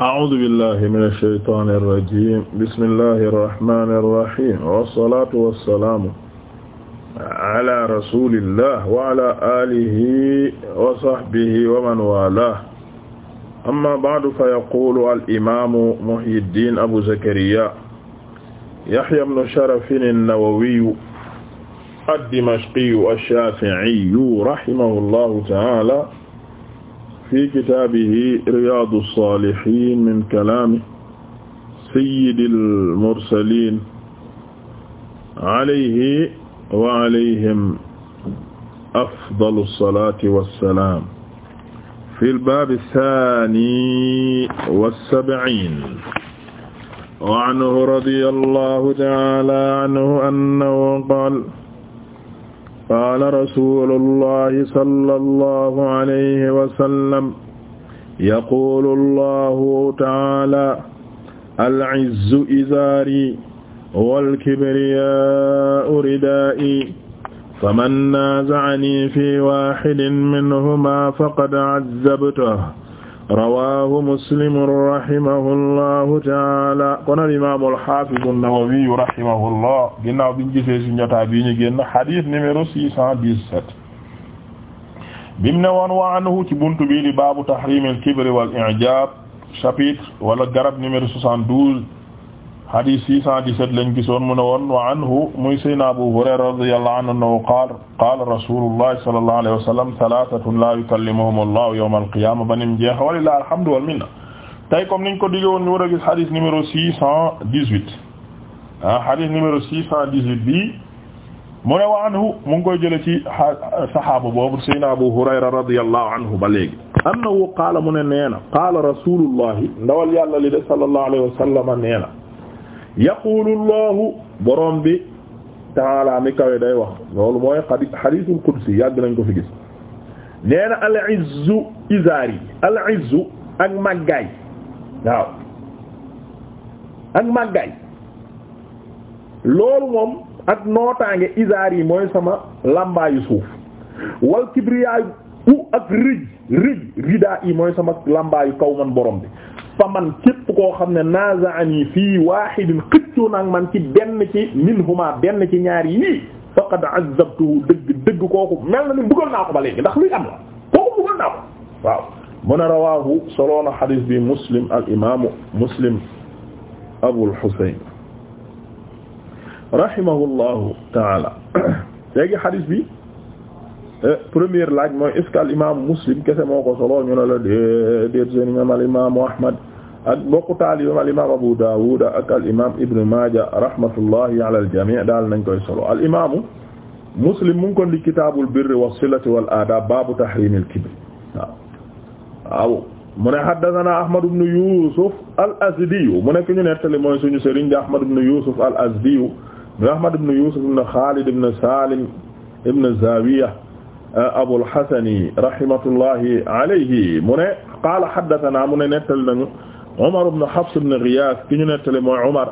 a'uudu billahi mina shaytaani rajiim bismillahi rahmaani rahiim wassalaatu wassalaamu ala rasulillah wa ala alihi wa sahbihi wa man waalaahu amma ba'du fa yaquulu al-imaamu Muhyiddin Abu Zakariya Yahya ibnu Sharafin an-Nawawiyu ad-Dimashqiyu ash-Shaafi'iyu rahimahu llahu ta'aala fi kitaabihi riyaadu saalihiin min kalaami sayyidil mursaliin alayhi wa alayhim afdalu salaati wa salaam fil baabi saani wa sab'iin wa anhu radiyallaahu ta'aalaa anhu annahu qaala qaala rasulullahi sallallahu alayhi wa sallam yaquulu allahu taala al'izzu izaari walkibriyaa'u ridaa'i faman naaza'anii fi waahidin minhumaa faqad azzabtahu rawaahu muslimun rahimahullahu taala kon al imaamu alxaafizu nawawiyu rahimahullah ginnaaw biñ gisee ci ñotaa bii ñu génn xadiis numéro six cent dix-sept bim ne woon wa anhu ci buntu bii di baabu tahriimil kibri wal i'jaab chapitre wala garab numéro soixante-douze hadis 617 lañ gisoon mu ne woon wa anhu muy sayna Abu Hurayra radiyallahu anhu annahu qaala qaala rasulullahi sallallahu alayhi wa sallam thalathatun la yukallimuhum allahu yawma al-qiyamah banim jeex walillahi alhamdu wal minna tey comme niñ ko diggoon ñu war a gis hadis numéro 618 ah hadis numéro 618 bi mu ne wa anhu mu ngi koy jële ci sahaaba boobu sayna Abu Hurayra radiyallahu anhu ba léegi annahu qaala mu ne nee na qaala rasulullahi ndawal yàlla li de sallallahu alayhi wa sallam nee na yaqulu llahu borom bi taala mi kawe day wax loolu mooy hadithul qudsi yàgg nañ ko fi gis nee na al izzu izaari al ak màggaay waaw ak màggaay loolu moom ak nootaange izaari mooy sama làmbaayu suuf wal kibriyaayu ak rij rij ridaa mooy sama làmbaayu kaw man borom bi fa man képp koo xam ne naaza'ani fii waahidin xëccoo naag man ci benn ci minhuma benn ci ñaar yii faqad azabtuhu dëgg dëgg kooku mel na ni bëggal naa ko ba léegi ndax luy am la kooku bëggal naa ko waaw mun a rawaahu soloona xadis bi muslim al imaamu muslim abul husayn rahimahullahu taala léegi xadis bi Eh, première laaj mooy est-ce que al imaamu muslim kese moo ko solo ñu ne la déedéet seen imaam al imaamu ahmad ak mbokku taalibam al imaam abu daawud ak al imaam ibnu maaja rahmatullahi ala al jamii daal nañ koy solo al imaamu muslim mu ngi ko li kitaabul birri wassilati wal aadaab baabu tahriimil kibr waaw waaw mu ne haddathana ahmad ibnu yusuf al azdiyu mu nekk ñu nettali mooy suñu sëriñ di ahmad ibnu yusuf al azdiyu ahmad ibnu yusuf ibnu xaalid ibnu salim ibnu zawiya Euh, Abul Hasani rahimatullahi alayhi mu ne qaala haddathanaa mu ne nettali nañu Umar ibn Hafs ibn Ghiyaas ki ñu nettali mooy Umar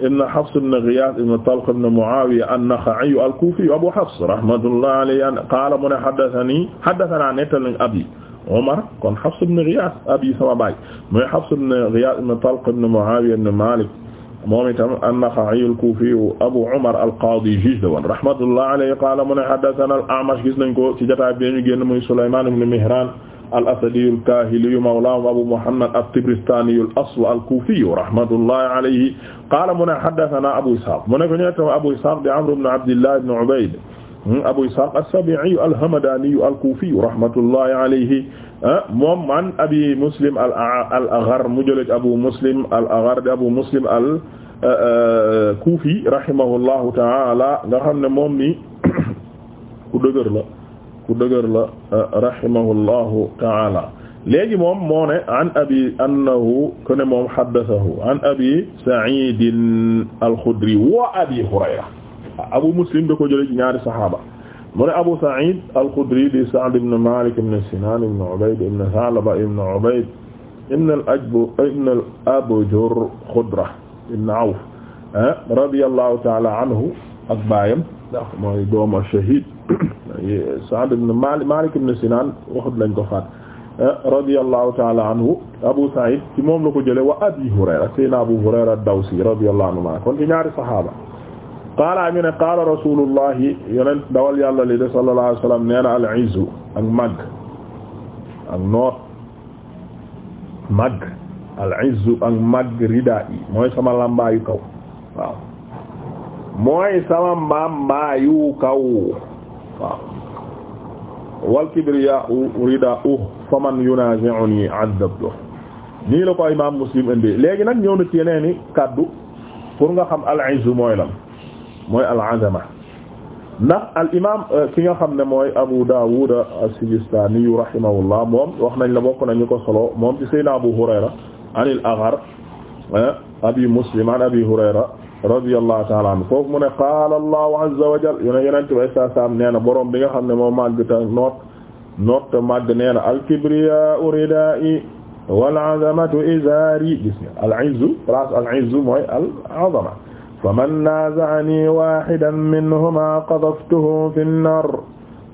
ibn Hafs ibn Ghiyaas ibn Talq ibn Mu'aawiya an-Nakha'i al-Kuufi Abu Hafs rahmatullahi alayhi qaala mu ne haddathanii haddathanaa nettali nañu abi Umar kon Hafs ibn Ghiyaas abi sama baay mooy Hafs ibn Ghiyaas ibn Talq ibn Mu'aawiya ibn Maalik moom itam an-Nakha'i al-Kufi Abu Umar al-Qadi juge la woon rahmatullah alayhi qala mu ne haddathana al-A'mash gis nañ ko ci jotaay bi ñu génn muy Sulayman ibn Mihran al-Asadi al-Kahili mawlahum Abu Muhammad at-Tabaristani al-asl al-Kufi rahmatullah alayhi qala mu ne haddathana Abu Ishaq mu ne ko ñu Abu Ishaq di Amr ibn Abdillah ibn Ubayd Hmm, Abu Ishaq as-Sabi'i al-Hamadani al-Kufi rahmatullahi alayhi ah, moom man Abi Muslim al-Aghar mu jëlee Abu Muslim al-Aghar di Abu Muslim al-Kufi eh, eh, rahimahullahu ta'ala nga xam ne moom ni ku dëgër la ku dëgër la eh, rahimahullahu ta'ala léegi moom moo ne an abi annahu kon moom haddathahu an abi Sa'id al-Khudri wa Abi Hurayra abu muslim da ko jëlee ci ñaari saxaaba mu ne abu sa'id al-khudri di sa'd ibn malik ibn sinan ibn ubayd ibn sa'laba ibn ubayd ibn al-ajbu ibn al-abjar khudra ibn awf ah, radiyallahu ta'ala anhu ak baayam ndax mooy dooma shahid Sa'd ibn Malik Malik ibn Sinan waxut lañ ko faat ah, radiyallahu ta'ala anhu Abu Sa'id ci moom la ko jëlee wa Abi Hurayra Sayyidina Abu Hurayra ad-Dawsi radiyallahu anhu kon ci ñaari saxaaba qaala ñu ne qaala rasulullahi yonent dawal yàlla li de sallallahu alayhi wa sallam nee na al izzu ak màgg ak noot màgg al izzu ak màgg rida yi mooy sama lambaayu kaw waaw mooy sama mambaayu kaw waaw wal kibriyaa'u ridaa'uhu faman yunaazi'unii adabtu nii la ko imaam Muslim indi léegi nag ñëw na ci yeneen i kaddu pour nga xam al izzu mooy lan mooy al-azama ndax al imaam euh, ki nga xam ne mooy Abu Dawud as-Sijistani rahimahullah moom wax nañ la bokk nañu ko solo moom ci Sayyidina Abu Hurayra anil Aghar abi Muslim an abi Hurayra radiyallahu ta'ala anhu foofu mu ne qaala Allahu azza wa jalla yone yenente way sa sam nee na boroom bi nga xam ne moom màgg te noot noot te màgg nee na al-kibriya'u ridaa'i wal 'azamatu izaari gis nga al-'izzu place al-'izzu mooy al-'azama faman naaza'anii waahidan minhumaa qadaftuhu fi nnar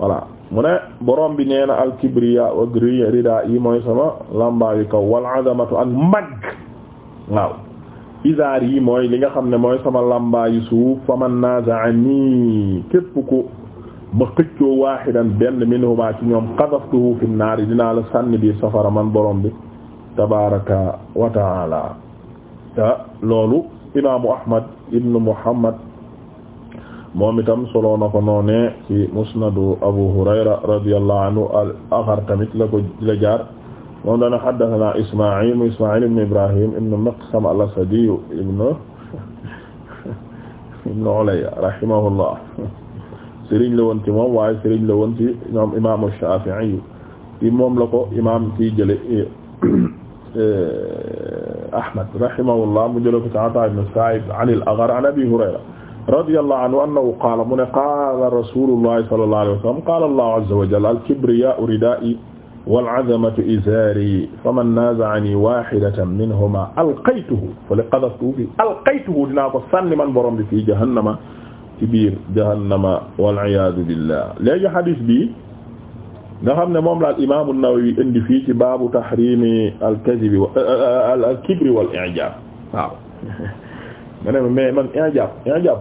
voilà mu ne borom bi nee na alkibriya ak rida yi mooy sama lambaayu kaw wal azamatu ak mag waaw izaar yi mooy li nga xam ne mooy sama lambaayu suuf faman naaza'anii képp ku ma xëccoo waahidan benn minhumaa ci ñoom qadaftuhu fi nnaar dinaa la sànni biir safara man borom bi tabaaraka wa ta'aala te loolu. imaamu Ahmad ibn Muhammad moom itam solo na ko noonee ci musnadu Abu Hurayra radiyallahu anhu al-axar tamit la ko la jaar moom dana haddathana Isma'il mu Isma'il ibn Ibrahim ibn Maqsam al-Asadi ibn ibn Ulayya rahimahullah sëriñ la woon ci moom waaye sëriñ la woon ci ñoom imaamu Shafi'i yi moom la ko imaam kii jële eh, eh, Ahmad rahimahullah mu jëlee ko ci Ataa ibn Saa'ib an al-Agharr an Abi Hurayra radiyallahu anhu annahu qaala mu ne qaala rasuulullahi sallallahu alayhi wa sallam qaala Allahu azza wa jalla al-kibriyaa'u ridaa'i wal-'azamatu izaari faman naaza'anii waahidatan minhumaa alqaytuhu fa liqadhaftuhu fii alqaytuhu dinaa ko sànni man borom bi fii jahannama ci biir jahannama wal-'iyaadu billah léegi hadiis bi nga xam ne moom la al imaamu Nawawi indi fii ci baabu tahrimi euh, euh, euh, al kibri wal i'jab waaw ma mais man i'jab i'jab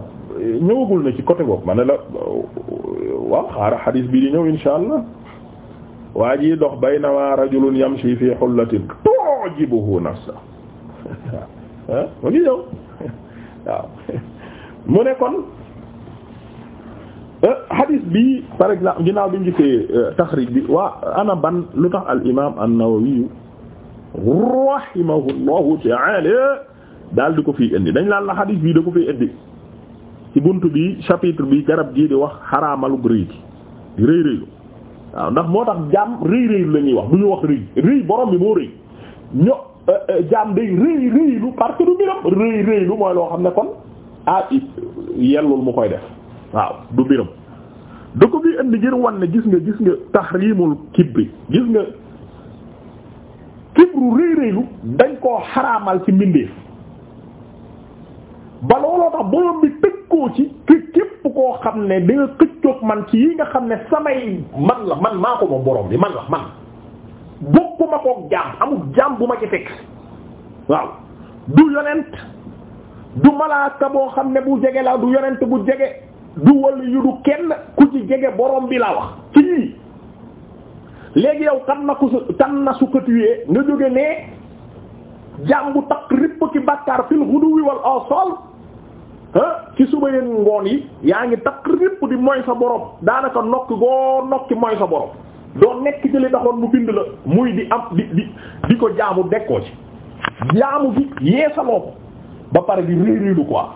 ñëwagul na ci côté boobu ma ne la waaw xaara xadiis bi di ñëw insha waa ji dox bayna wa rajulun yamshi fi hullatin tu'jibuhu nafsa mu ngi ñëw waaw mu ne kon Euh, hadith bi par exemple ginnaaw bi ñu gisee euh, taxrij bi waa ana ban lu tax al imaam an-Nawawi rahimahullahu ta'ala daal di ko fiy indi dañ laal la hadith bi da ko fiy indi ci bunt bi chapitre bi garab gii di wax xaraamalu rëy gi rëy rëylu waaw ndax moo tax jaam rëy rëylu la ñuy wax du ñu wax rëy rëy borom bi moo rëy ño euh, jaam day rëy rëylu parce que du mbiram rëy rëylu mooy loo xam ne kon ah yellul mu koy def waaw du biram da ko bi indi ngir wan ne gis nga gis nga tahrimul kibri gis nga kibru réy-réylu dañ koo xaraamal ci mbindeef ba looloo tax borom bi tëkkoo ci képp koo xam ne da nga man ci yi nga xam ne samay man la man maa ko moom borom bi man la man bokkuma koog jaam amul jaam bu ma ci fekk waaw du yonent du malaaka boo xam ne bu jege la du yonent bu jege du wali yu du kenn ku ci jege boroom bi laa wax ci ñii léegi yow kan na ko kan na su katuyee nga jóge ne jaam bu takk ripp ki bàkkaar fil ghuduwi wal asal ci suba yeen ngoon yi yaa ngi takk ripp di mooy sa borom daanaka nokki goo nokki moy sa borom doo nekk ci li mu bind la muy di am di di di ko jaamu dekkoo ci jaamu bi yeesaloo ko ba pare di réeréelu quoi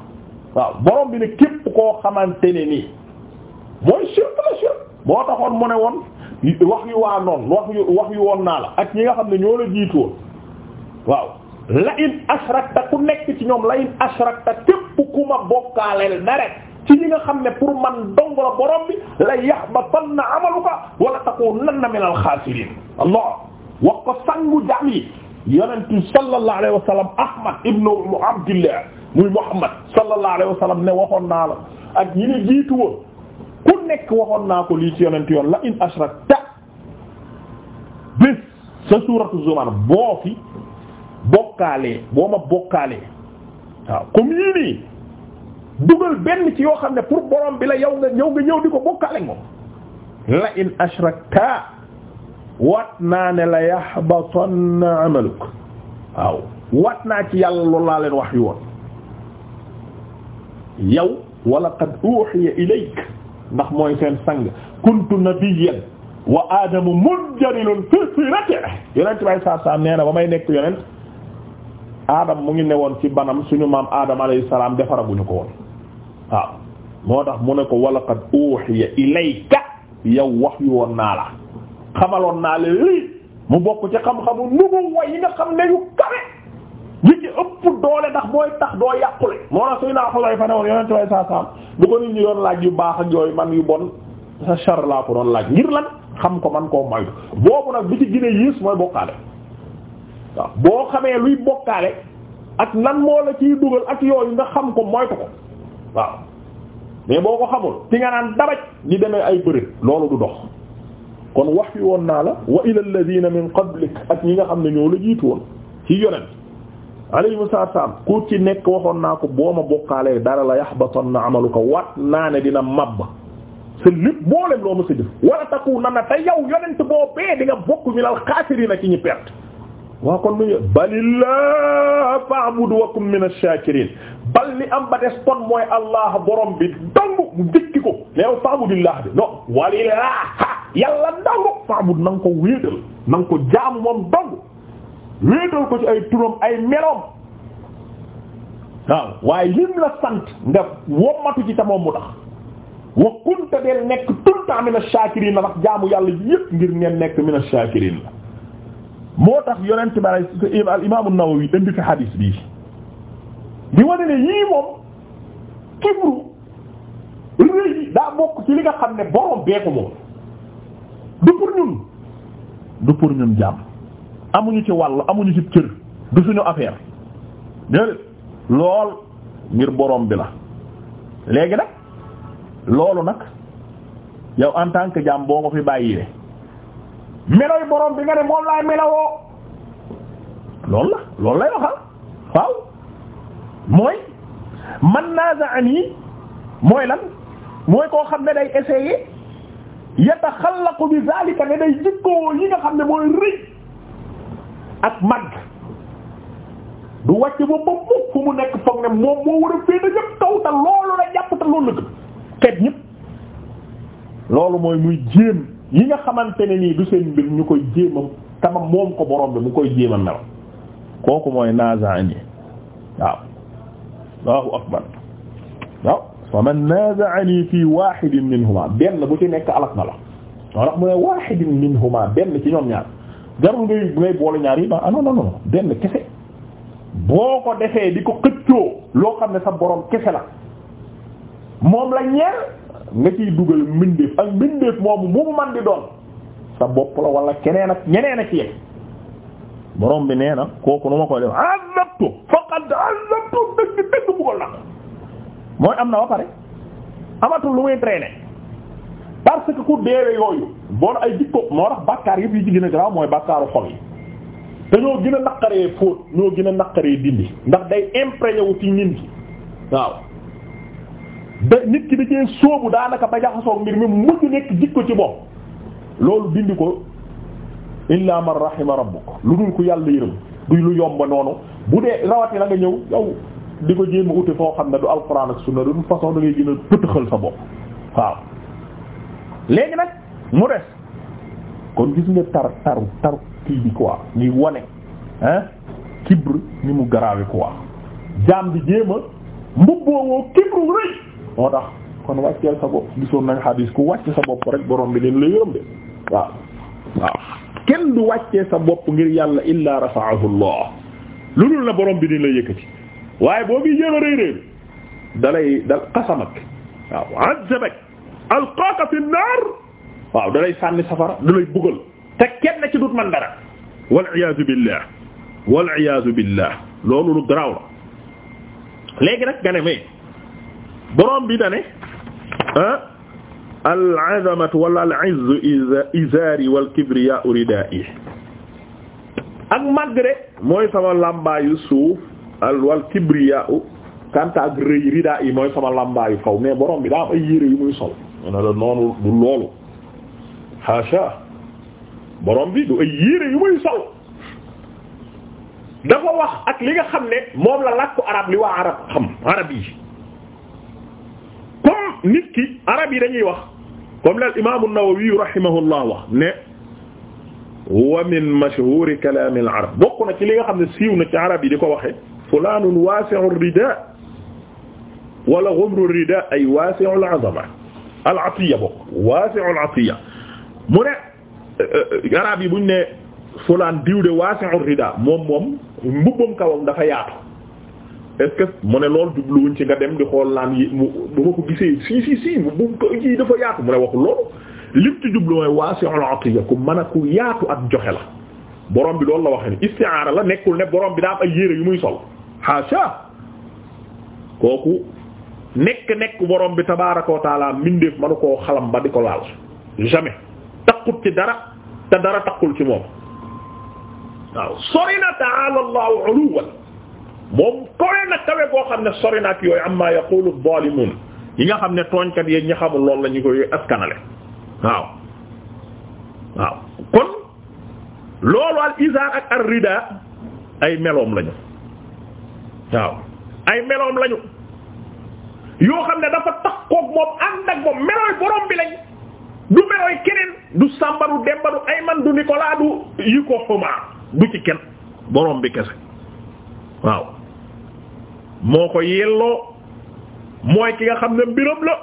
waaw borom bi ne képp koo xamante ne nii mooy shirk la shirk boo taxoon mu ne woon wax yu waa noon wax yu wax yu woon naa la ak ñi nga xam ne ñoo la jiitoon waaw la in ashrakta ku nekk ci ñoom la in ashrakta képp ku ma bokkaaleel dara ci ñi nga xam ne pour man dong la borom bi la yahbatanna amaluka wala takunanna minal xaasiriin allah wax ko sangu jaam yi yonentu sallallahu alayhi wa sallam ahmad ibnu muy Muhammad sallallahu alayhi wa sallam ne waxoon naa la ak ñi ne jiitu woon ku nekk waxoon naa ko lii ci yonent yoon la in ashrakta bés sa suuratu Zumar boo fi bokkaalee boo ma bokkaale waaw comme yii dugal benn ci yoo xam ne pour borom bi yow nga ñëw nga ñëw di ko bokkaale moom la in ashrakta wat naa ne la yahbatanna amaluk waaw wat naa ci yàlla loolu laa leen wax yi woon yow wala qad uhiya ilayk ndax mooy seen sang kuntu nabiyyan wa aadamu munjarilun fi siratihi yonent bay saa saa nee ba may nekk yonent aadam mu ngi ne woon ci banam suñu maam aadam alayhi salaam defaraguñu ko woon waaw moo tax mu ne ko wala qad uhiya ilayka yow wax yu woon naa la xamaloon naa la lii mu bokk ci xam-xamu nubuwa yi nga xam ne yu kawe li ci ëpp doole ndax booy tax doo yàqule moo na suy naa xolay fa ne woon yonent way saa saam bu ko nit ñi doon laaj yu baax ak yooyu man yu bon sa char laa ko doon laaj ngir lan xam ko man koo moytu boobu nag bi ci gine yées mooy bokkaale waaw boo xamee luy bokkaale ak nan moo la ciy dugal ak yooyu nga xam ko moytu ko waaw mais boo ko xamul ci nga naan dabaj di demee ay bëri loolu du dox kon wax yi woon naa la wa ila alladhina min qablik ak ñi nga xam ne ñoo la jiitu woon ci yonent alayhimu salaam ku ci nekk waxoon naa ko boo ma bokkaalee dara la yahbatanna amaluka wat naa dina mab sa lépp boolem loo ma sa jëf wala taku na na te yow yonent boo bee di bokk mi lal xaasiriina ci ñu perte waa kon lu balillah fa'budu wa kun mina shaakiriin bal li am ba mooy allah borom bi dong mu dikki ko leew fa'budillah bi non walillah yàlla dong fa'bud na nga ko wéetal na nga jaamu moom dong wéetal ko ci ay turam ay meloom waaw waaye lim la sant nga wommatu ci ta moom mu tax wa kunta del nekk tout le temps mina la ndax jaamu yàlla yépp ngir ngeen nekk mina shaakiriin la moo tax yonent ba al imaamu Nawawi indi fi hadis bii di wane ne yii moom kibru réy daa bokk ci li nga xam ne borom beeku moom du pour ñun du pour ñun jàmm amuñu ci wàll amuñu ci cër du suñu affaire déedéet lool ngir borom bi la léegi nag loolu nag yow en tant que jaam boo ko fi bàyyee meloy borom bi nga ne moom laay melawoo loolu la loolu lay waxal waaw mooy man yi mooy lan mooy koo xam ne day essayer yataxallaqu bi zalika ne day jikkoo yi nga xam ne mooy rëy ak mag du wacc ba ba mukk fu mu nekk foog ne moom moo war a féete ñëpp kaw te loolu la jàpp te loolu la gën xeet ñëpp loolu mooy muy jéem yi nga xamante ne nii du seen mbir ñu koy jéemam tamam moom ko borom bi mu koy jéemam mel kooku mooy nazaani waaw Allahu akbar waaw fa man nazaani fii wahidin minhuma benn bu ci nekk alak na la woo tax mu ne wahidin minhuma benn ci ñoom ñaar jarul ngay ngay boole ñaar yi ah non non non benn kese boo ko defee di ko xëccoo loo xam ne sa borom kese la moom la ñeel nga ciy dugal mbindeef ak mbindeef moomu mu man di doon sa bopp la wala keneen ak ñeneen ak ci borom bi nee na kooku nu ma koy def azabtu faqad azabtu dëgg dëgg bu ko lakk mooy am na ba pare amatul lu muy traîner. parce que ku deewe yooyu bon ay jikko moo tax bàkkaar yëpp yi ci gën a garaaw mooy bàkkaaru xol yi te ñoo gën a naqaree fóot ñoo gën a naqaree dindi ndax day imprégné wu ci nit ki waaw nit ki da cee sóobu daanaka ba jaxasoo mbir mi mujj nekk jikko ci bopp loolu dindi ko illa man rahima rabbuk lu dul ko yàlla yërëm du lu yomb noonu bu dee rawati yi nanga ñëw yow di ko jéem a uti foo xam ne du alxuraan ak sunna du façon da gën a pëtëxal sa bopp waaw léegi nag mu des kon gis nga tar taru taru kii bi quoi ni wane ah kibr ni mu garaawi quoi jaam bi jéem a mbubboowoo kibru rëy moo tax kon wàcceel sa bopp gisoon nañ xadiis ku wàcc sa bopp rek borom bi leen la yërëm de waaw waaw kenn du wàccee sa bopp ngir yàlla illa rafa'ahu Allah lu dul la borom bi dina la yëkkati waaye boo ngi jéem a dalay dal xasamak waaw azabak alqaaka fi naar waaw da lay sànni safara da lay buggal te kenn ci dut man dara wal iyaazu billah wal iyaazu billah loolu lu garaaw la léegi nag nga ne mais borom bi da ne ah al azamatu wala al izzu izaari wal kibriya ridaa'i ak malgré mooy sama lambaayu suuf al wal kibriya kanta ak rëy ridaa yi mooy sama lambaayu kaw mais borom bi daa am ay yére yu muy sol ñu ne la noonu du loolu haasha borom bi du wax ak li nga xam ne moom la làkku arab li waa arab xam arab yi comme nit ki arab yi dañuy wax comme la imaamu Nawawi rahimahullah wax ne wa min mashhuri kalaami al arab bokk na ci li nga xam ne siiw na ci yi di ko waxe fulaanun waasi'u wala ghumru rida ay waasi'u al al atiya bokk waasi'ul atiya mu ne euh, arab yi buñ ne fulaan diw de waasi'ur rida moom moom mbubbam kawom dafa yaatu est-ce mu ne loolu jubluwuñ ci nga dem di xool laan yi mu bu ma ko gisee si si si mbubbam ko yi dafa yaatu mu ne waxul loolu lim ci jublu mooy waasi'ul atiya ku mën a ku yaatu ak joxe la borom bi loolu la waxe ni isti'aara la nekkul ne borom bi daa am ay yére yu muy sol haasha kooku nekk nekk borom bi tabaaraka wa taala mbindeef manu koo xalam ba di ko laal jamais takkut ci dara te dara takkul ci moom waaw sori na ta'ala Allahu moom koy na kawe boo xam ne sori na am yooyu amma yaqulu zalimun yi nga xam ne tooñkat yi ñi xamul loolu la ñu koy askanale waaw waaw kon al izar ak ar rida ay meloom lañu waaw ay meloom lañu. yoo xam ne dafa takkoog moom ànd ak moom melooy borom bi lañ du melooy keneen du Samba du Demba du du Nicolas du yi ko xumaa du ci kenn borom bi kese waaw moo ko yelloo mooy ki nga xam ne mbiram la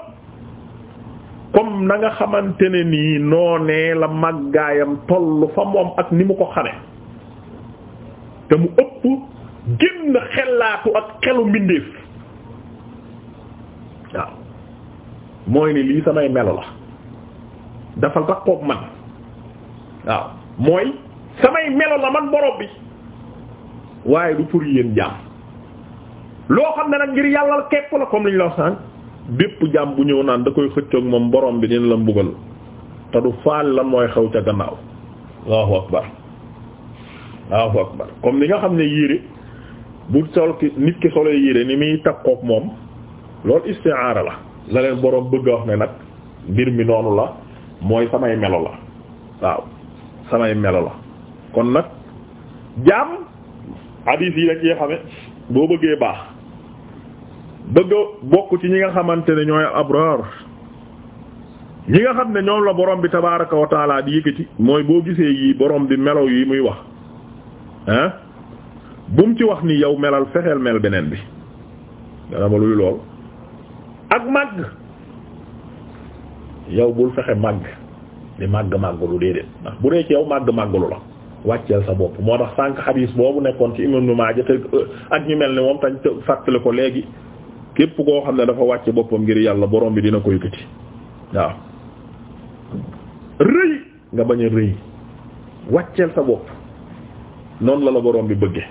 comme na nga xamante ne nii noonee la màggaayam tollu fa moom ak ni mu ko xame te mu ëpp génn xelaatu ak xelu mbindeef mooy ne lii samay melo la dafa takkook man waaw mooy samay melo la man borom bi waaye du pour yéen jaam loo xam ne nag ngir yàlla kepp la comme li ñu la sànq bépp jaam bu ñëw naan da koy xëccoog moom borom bi dina la mbugal te du faal lan mooy xew ca gannaaw allahu akbar allahu akbar comme ni nga xam ne yére bu sol ki nit ki solee yére ni muy takkook moom loolu istiaara la la leen boroom bëgg a wax ne nag mbir mi noonu la mooy samay melo la waaw samay melo la kon nag jaam hadis yi la ci xame boo bëggee baax bëgg bokk ci ñi nga xamante ne ñooy abrar ñi nga xam ne ñoom la borom bi tabaraka wa taala di yëkkati mooy boo gisee yi borom bi melo yii muy wax ah bu mu ci wax ni yow melal fexeel mel beneen bi dana ma luy lool ak màgg yow bul fexe màgg di màgg màggalu déedéet ndax bu dee ci yow màgg màggalu la wàcceel sa bopp moo tax sànq xadiis boobu nekkoon ci Ibn Maaja euh, ak ñu mel ni moom tañ fàttali ko léegi képp koo xam ne dafa wàcce boppam ngir yàlla boroom bi dina koy yëkkati waaw rëy nga bañ a rëy wàcceel sa bopp noonu la la borom bi bëgge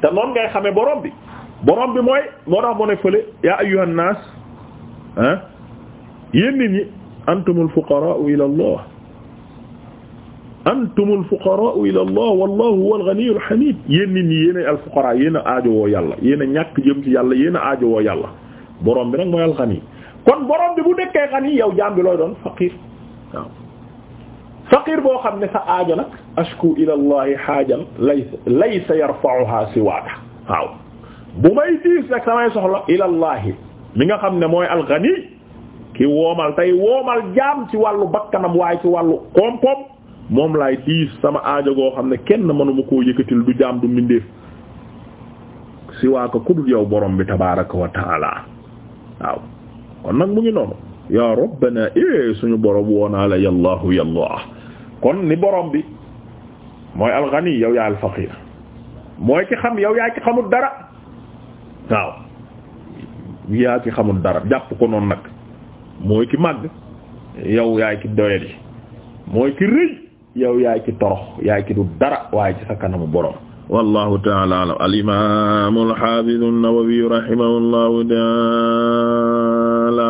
te noonu ngay xamee borom bi borom bi mooy moo tax mu ne fële yaa ayyuhan naas ah yéen nit ñi antumul fuqaraa'u ila Allah antumul fuqaraa'u ila Allah wallahu huwal ghaniyyul hamid yéen nit ñi yéen ay al fuqaraa yéen a aajowoo yàlla yéen a ñàkk jëm ci yàlla yéen a aajowoo yàlla borom bi nag mooy al ghani kon borom bi bu nekkee ghani yow jaam bi looy doon faqir waaw faqir boo xam ne sa aajo nag ashku ila allahi xaajan laysa laysa yarfa'uha siwaaka waaw bu may diis nag samay soxla ila allahi mi nga xam ne mooy alxani ki woomal tey woomal jaam ci wàllu bakkanam waaye ci wàllu koom-koom moom laay diis sama aajo goo xam ne kenn mënuma koo yëkkatil du jaam du mbindeef si waa ku dul yow borom bi tabaaraka wa waaw kon nag mu ngi noonu yaa rabbana eh suñu borom woonaa la yallaahu yallah kon ni borom bi mooy alxani yow yaa alfaqiir mooy ki xam yow yaa ki xamul dara waaw yaa ci xamul dara jàpp ko noonu nag mooy ki màgg yow yaay ki doyadi mooy ki rëy yow yaay ki torox yaay ki du dara waaye ci sa kanamu borom wallahu ta'ala alam al imam al hafiz an-Nawawi rahimahullahu ta'ala